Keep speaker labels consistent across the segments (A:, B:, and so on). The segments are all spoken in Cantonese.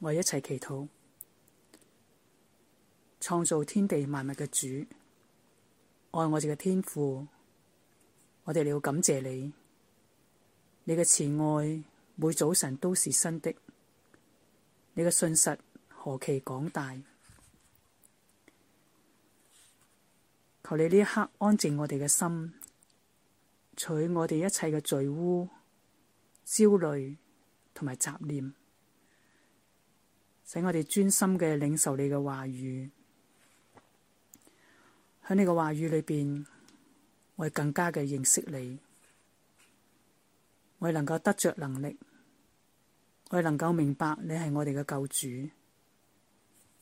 A: 我哋一齊祈禱，創造天地萬物嘅主，愛我哋嘅天父。我哋要感謝你。你嘅慈愛每早晨都是新的，你嘅信實何其廣大！求你呢一刻安靜我哋嘅心，取我哋一切嘅罪污、焦慮同埋雜念。使我哋專心嘅領受你嘅話語，喺你嘅話語裏邊，我哋更加嘅認識你，我哋能夠得着能力，我哋能夠明白你係我哋嘅救主，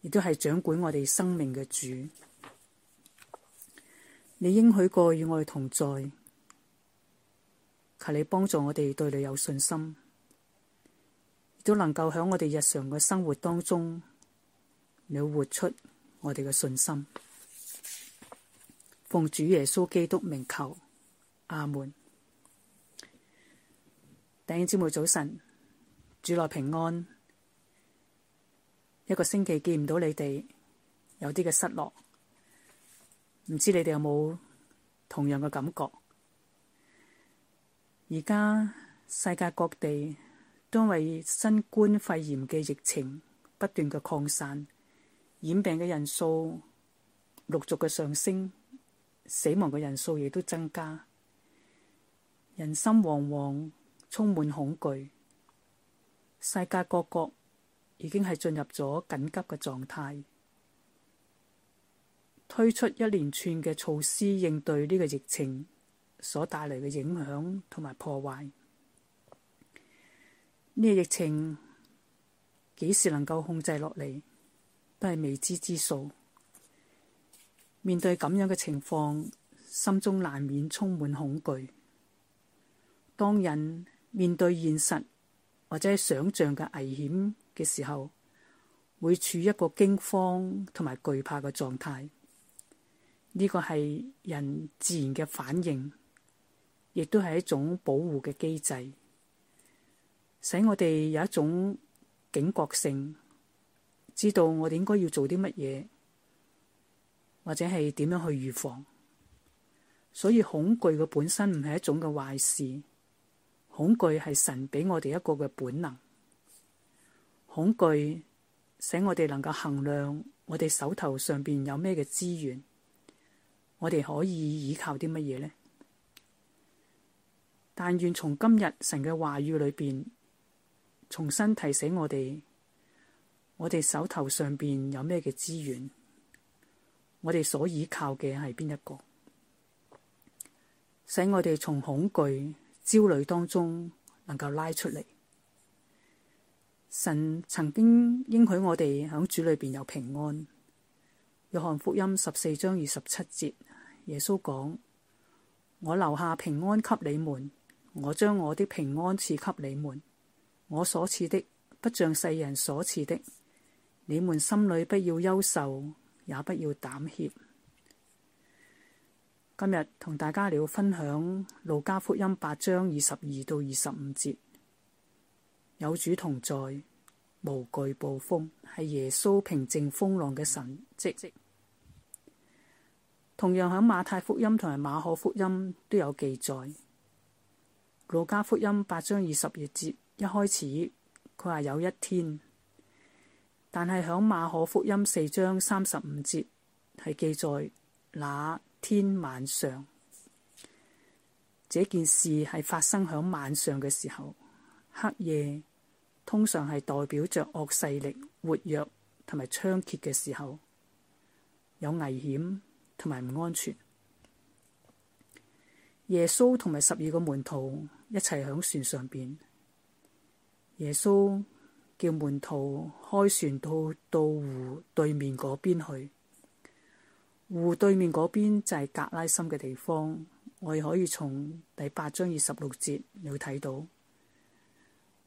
A: 亦都係掌管我哋生命嘅主。你應許過與我哋同在，求你幫助我哋對你有信心。亦都能夠喺我哋日常嘅生活當中，你活出我哋嘅信心。奉主耶穌基督名求，阿門。弟兄姊妹早晨，主內平安。一個星期見唔到你哋，有啲嘅失落，唔知你哋有冇同樣嘅感覺？而家世界各地。當為新冠肺炎嘅疫情不斷嘅擴散，染病嘅人數陸續嘅上升，死亡嘅人數亦都增加，人心惶惶，充滿恐懼。世界各國已經係進入咗緊急嘅狀態，推出一連串嘅措施應對呢個疫情所帶來嘅影響同埋破壞。呢個疫情幾時能夠控制落嚟，都係未知之數。面對咁樣嘅情況，心中難免充滿恐懼。當人面對現實或者想象嘅危險嘅時候，會處一個驚慌同埋懼怕嘅狀態。呢個係人自然嘅反應，亦都係一種保護嘅機制。使我哋有一種警覺性，知道我哋應該要做啲乜嘢，或者係點樣去預防。所以恐懼嘅本身唔係一種嘅壞事，恐懼係神畀我哋一個嘅本能。恐懼使我哋能夠衡量我哋手頭上邊有咩嘅資源，我哋可以依靠啲乜嘢呢？但願從今日神嘅話語裏邊。重新提醒我哋，我哋手頭上邊有咩嘅資源，我哋所倚靠嘅係邊一個，使我哋從恐懼焦慮當中能夠拉出嚟。神曾經應許我哋喺主裏邊有平安。約翰福音十四章二十七節，耶穌講：我留下平安給你們，我將我的平安賜給你們。我所賜的不像世人所賜的，你們心裏不要憂愁，也不要膽怯。今日同大家了分享路加福音八章二十二到二十五節，有主同在，無懼暴風，係耶穌平靜風浪嘅神蹟。同樣喺馬太福音同埋馬可福音都有記載，路加福音八章二十二節。一開始佢話有一天，但係響馬可福音四章三十五節係記載那天晚上，這件事係發生響晚上嘅時候，黑夜通常係代表着惡勢力活躍同埋猖獗嘅時候，有危險同埋唔安全。耶穌同埋十二個門徒一齊響船上邊。耶穌叫門徒開船到到湖對面嗰邊去，湖對面嗰邊就係格拉森嘅地方，我哋可以從第八章二十六節你會睇到，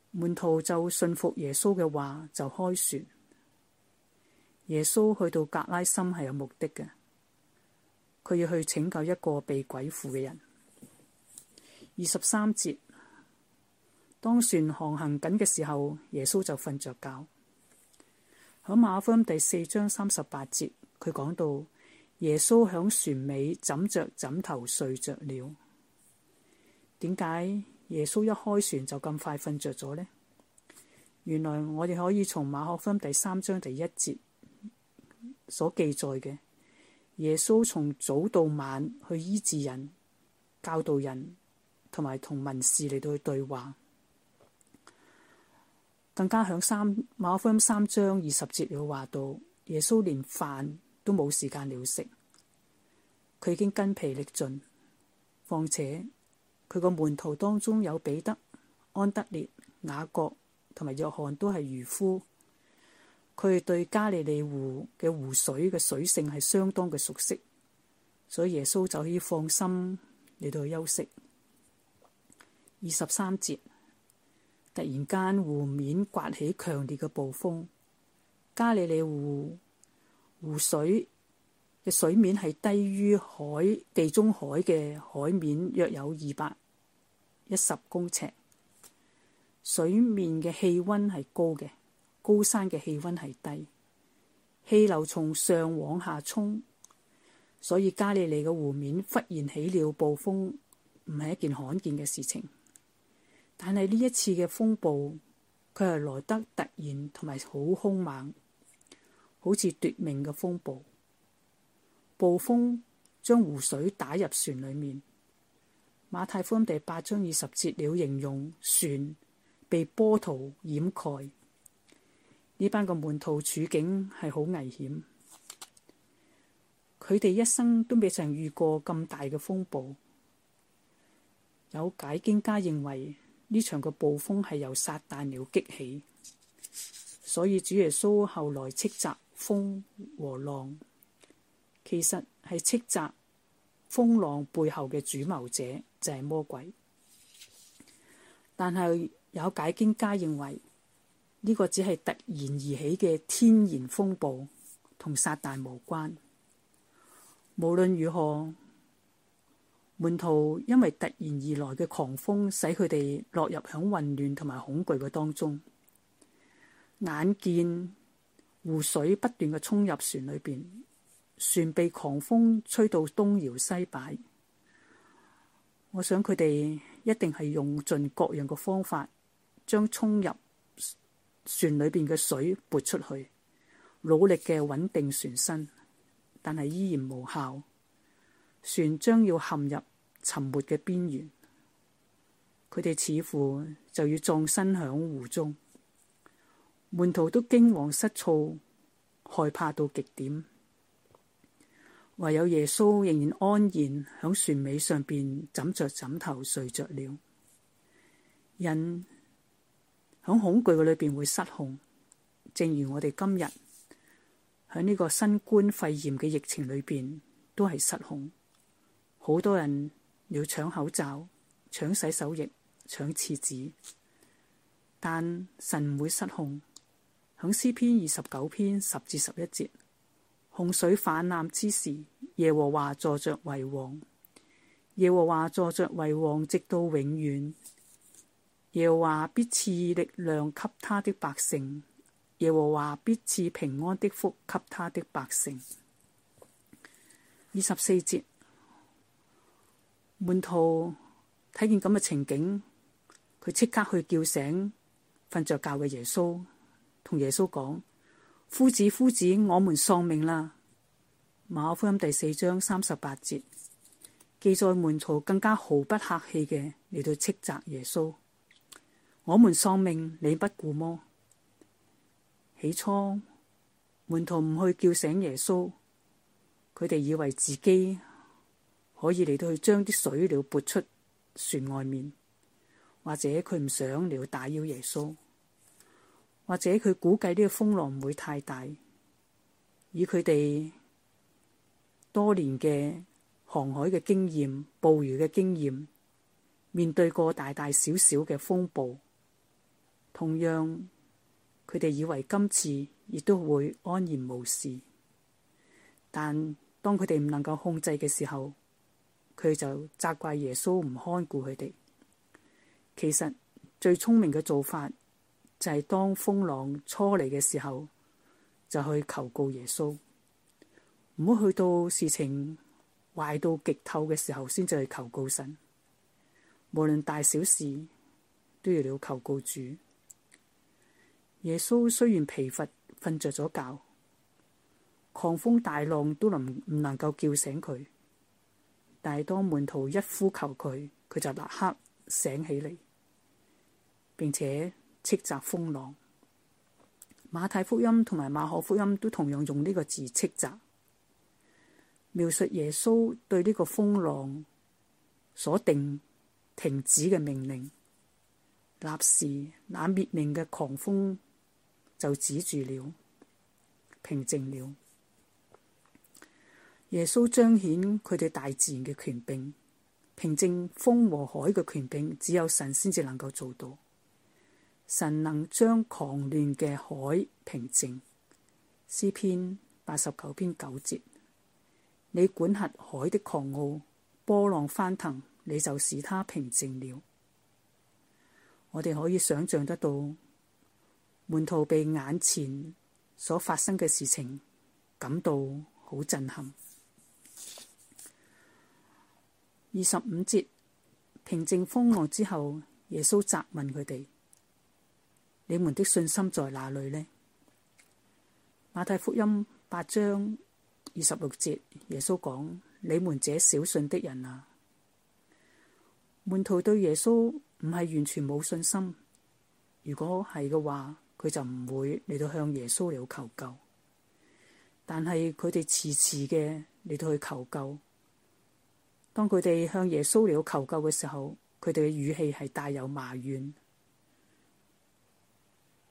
A: 門徒就信服耶穌嘅話就開船，耶穌去到格拉森係有目的嘅，佢要去拯救一個被鬼附嘅人，二十三節。當船航行緊嘅時候，耶穌就瞓着覺。喺馬可福音第四章三十八節，佢講到耶穌響船尾枕着枕頭睡着了。點解耶穌一開船就咁快瞓着咗呢？原來我哋可以從馬可福音第三章第一節所記載嘅耶穌從早到晚去醫治人、教導人，同埋同文士嚟到去對話。更加響三馬可福音三章二十節裏，有話到耶穌連飯都冇時間了食，佢已經筋疲力盡。況且佢個門徒當中有彼得、安德烈、雅各同埋約翰都係漁夫，佢哋對加利利湖嘅湖水嘅水性係相當嘅熟悉，所以耶穌就可以放心嚟到休息。二十三節。突然間，湖面颳起強烈嘅暴風。加利利湖湖水嘅水面係低於海地中海嘅海面約有二百一十公尺，水面嘅氣溫係高嘅，高山嘅氣溫係低。氣流從上往下衝，所以加利利嘅湖面忽然起了暴風，唔係一件罕見嘅事情。但係呢一次嘅風暴，佢係來得突然，同埋好兇猛，好似奪命嘅風暴。暴風將湖水打入船裡面。馬太福音第八章二十節了，形容船被波濤掩蓋。呢班嘅門徒處境係好危險，佢哋一生都未曾遇過咁大嘅風暴。有解經家認為。呢場嘅暴風係由撒但了激起，所以主耶穌後來斥責風和浪，其實係斥責風浪背後嘅主謀者，就係魔鬼。但係有解經家認為呢個只係突然而起嘅天然風暴，同撒但無關。無論如何。門徒因為突然而來嘅狂風，使佢哋落入響混亂同埋恐懼嘅當中。眼見湖水不斷嘅衝入船裏邊，船被狂風吹到東搖西擺。我想佢哋一定係用盡各樣嘅方法，將衝入船裏邊嘅水撥出去，努力嘅穩定船身，但係依然無效。船將要陷入沉沒嘅邊緣，佢哋似乎就要葬身響湖中。門徒都驚惶失措，害怕到極點。唯有耶穌仍然安然響船尾上邊枕着枕頭睡着了。人響恐懼嘅裏邊會失控，正如我哋今日喺呢個新冠肺炎嘅疫情裏邊都係失控。好多人要搶口罩、搶洗手液、搶廁紙，但神唔會失控。響詩篇二十九篇十至十一節，洪水泛濫之時，耶和華坐着為王，耶和華坐着為王，直到永遠。耶和華必賜力量給他的百姓，耶和華必賜平安的福給他的百姓。二十四節。門徒睇見咁嘅情景，佢即刻去叫醒瞓着覺嘅耶穌，同耶穌講：夫子，夫子，我們喪命啦！馬可福音第四章三十八節記載，門徒更加毫不客氣嘅嚟到斥責耶穌：我們喪命，你不顧麼？起初，門徒唔去叫醒耶穌，佢哋以為自己。可以嚟到去將啲水鳥撥出船外面，或者佢唔想嚟去打擾耶穌，或者佢估計呢個風浪唔會太大，以佢哋多年嘅航海嘅經驗、捕魚嘅經驗，面對過大大小小嘅風暴，同樣佢哋以為今次亦都會安然無事。但當佢哋唔能夠控制嘅時候，佢就責怪耶穌唔看顧佢哋。其實最聰明嘅做法就係當風浪初嚟嘅時候就去求告耶穌，唔好去到事情壞到極透嘅時候先至去求告神。無論大小事，都要了求告主。耶穌雖然疲乏瞓着咗覺，狂風大浪都能唔能夠叫醒佢。但當門徒一呼求佢，佢就立刻醒起嚟，並且斥責風浪。馬太福音同埋馬可福音都同樣用呢個字斥責，描述耶穌對呢個風浪所定停止嘅命令，立時那滅命嘅狂風就止住了，平靜了。耶穌彰顯佢哋大自然嘅權柄，平靜風和海嘅權柄，只有神先至能夠做到。神能將狂亂嘅海平靜。詩篇八十九篇九節：你管轄海的狂傲，波浪翻騰，你就使它平靜了。我哋可以想象得到，門徒被眼前所發生嘅事情感到好震撼。二十五節平靜風浪之後，耶穌責問佢哋，你們的信心在哪裏呢？馬太福音八章二十六節，耶穌講，你們這小信的人啊。門徒對耶穌唔係完全冇信心。如果係嘅話，佢就唔會嚟到向耶穌嚟求救。但係佢哋遲遲嘅嚟到去求救。當佢哋向耶穌嚟求救嘅時候，佢哋嘅語氣係帶有埋怨，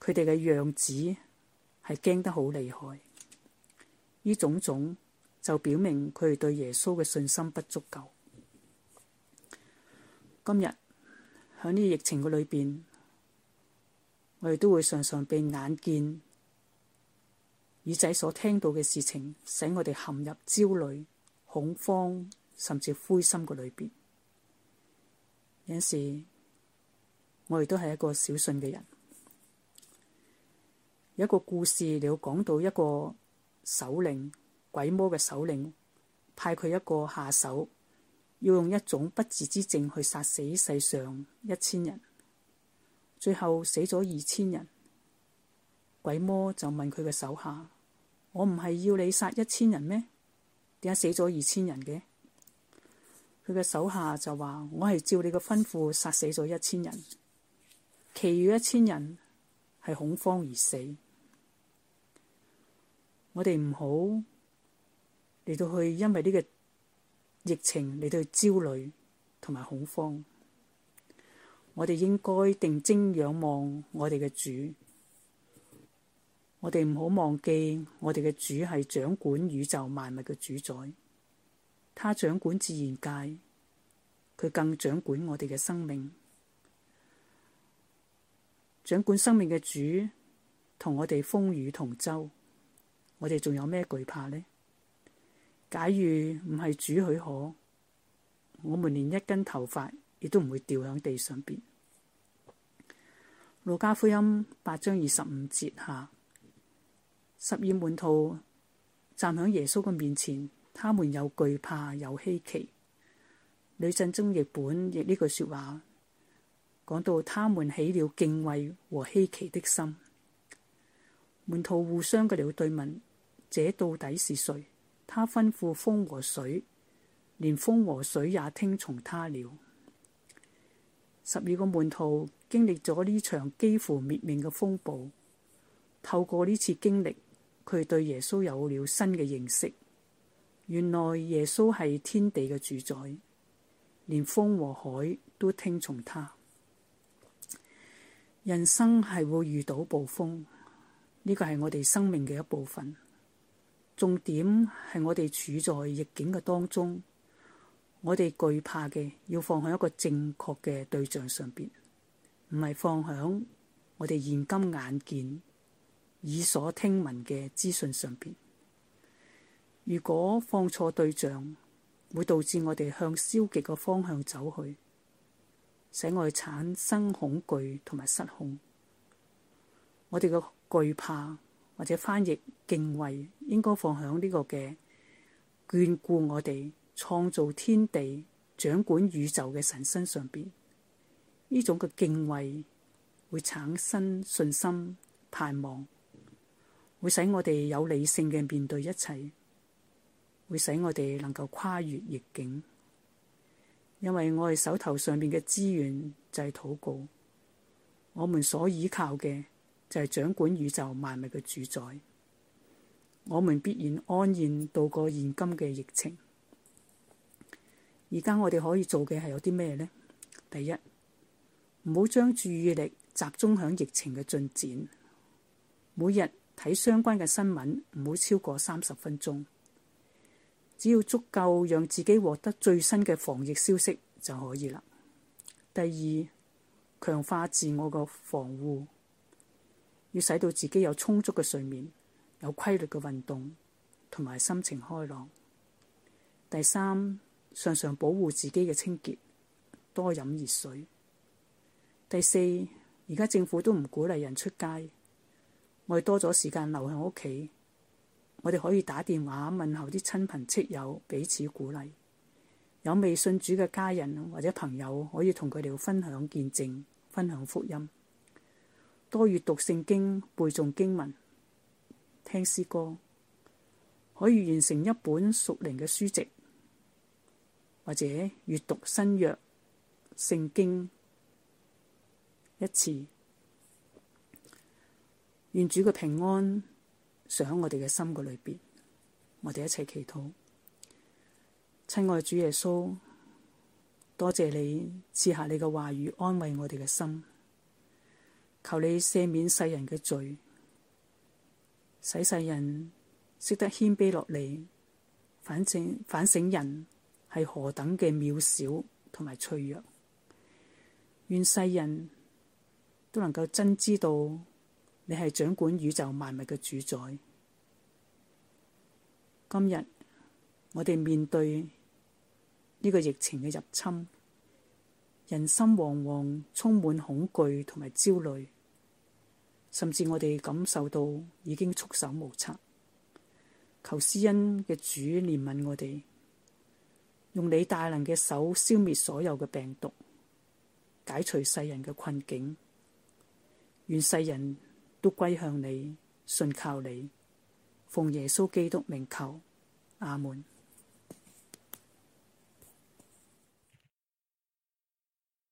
A: 佢哋嘅樣子係驚得好厲害。呢種種就表明佢哋對耶穌嘅信心不足夠。今日喺呢個疫情嘅裏邊，我哋都會常常被眼見、耳仔所聽到嘅事情，使我哋陷入焦慮、恐慌。甚至灰心個裏邊，有陣時我亦都係一個小信嘅人。有一個故事，你要講到一個首領，鬼魔嘅首領，派佢一個下手，要用一種不治之症去殺死世上一千人，最後死咗二千人。鬼魔就問佢嘅手下：我唔係要你殺一千人咩？點解死咗二千人嘅？佢嘅手下就話：我係照你嘅吩咐殺死咗一千人，其餘一千人係恐慌而死。我哋唔好嚟到去因為呢個疫情嚟到去焦慮同埋恐慌。我哋應該定睛仰望我哋嘅主。我哋唔好忘記我哋嘅主係掌管宇宙萬物嘅主宰。他掌管自然界，佢更掌管我哋嘅生命，掌管生命嘅主同我哋風雨同舟，我哋仲有咩懼怕呢？假如唔係主許可，我們連一根頭髮亦都唔會掉響地上邊。路加福音八章二十五節下，十二門徒站響耶穌嘅面前。他們有懼怕，有稀奇。呂振中譯本譯呢句說話，講到他們起了敬畏和稀奇的心。門徒互相嘅了對問：這到底是誰？他吩咐風和水，連風和水也聽從他了。十二個門徒經歷咗呢場幾乎滅命嘅風暴，透過呢次經歷，佢對耶穌有了新嘅認識。原來耶穌係天地嘅主宰，連風和海都聽從他。人生係會遇到暴風，呢個係我哋生命嘅一部分。重點係我哋處在逆境嘅當中，我哋懼怕嘅要放喺一個正確嘅對象上邊，唔係放喺我哋現今眼見、耳所聽聞嘅資訊上邊。如果放錯對象，會導致我哋向消極嘅方向走去，使我哋產生恐懼同埋失控。我哋嘅懼怕或者翻譯敬畏，應該放響呢個嘅眷顧我哋創造天地、掌管宇宙嘅神身上邊。呢種嘅敬畏會產生信心、盼望，會使我哋有理性嘅面對一切。會使我哋能夠跨越逆境，因為我哋手頭上面嘅資源就係禱告，我們所依靠嘅就係掌管宇宙萬物嘅主宰，我們必然安然度過現今嘅疫情。而家我哋可以做嘅係有啲咩呢？第一，唔好將注意力集中喺疫情嘅進展，每日睇相關嘅新聞，唔好超過三十分鐘。只要足夠讓自己獲得最新嘅防疫消息就可以啦。第二，強化自我嘅防護，要使到自己有充足嘅睡眠、有規律嘅運動同埋心情開朗。第三，常常保護自己嘅清潔，多飲熱水。第四，而家政府都唔鼓勵人出街，我哋多咗時間留喺屋企。我哋可以打電話問候啲親朋戚友，彼此鼓勵；有未信主嘅家人或者朋友，可以同佢哋分享見證、分享福音，多閱讀聖經、背誦經文、聽詩歌，可以完成一本屬靈嘅書籍，或者閱讀新約聖經一次。願主嘅平安！想我哋嘅心個裏邊，我哋一齊祈禱。親愛主耶穌，多謝你賜下你嘅話語，安慰我哋嘅心，求你赦免世人嘅罪，使世人識得謙卑落嚟，反省反省人係何等嘅渺小同埋脆弱，願世人都能夠真知道。你係掌管宇宙萬物嘅主宰。今日我哋面對呢個疫情嘅入侵，人心惶惶，充滿恐懼同埋焦慮，甚至我哋感受到已經束手無策。求施恩嘅主憐憫我哋，用你大能嘅手消滅所有嘅病毒，解除世人嘅困境，願世人，都歸向你，信靠你，奉耶穌基督名求，阿門。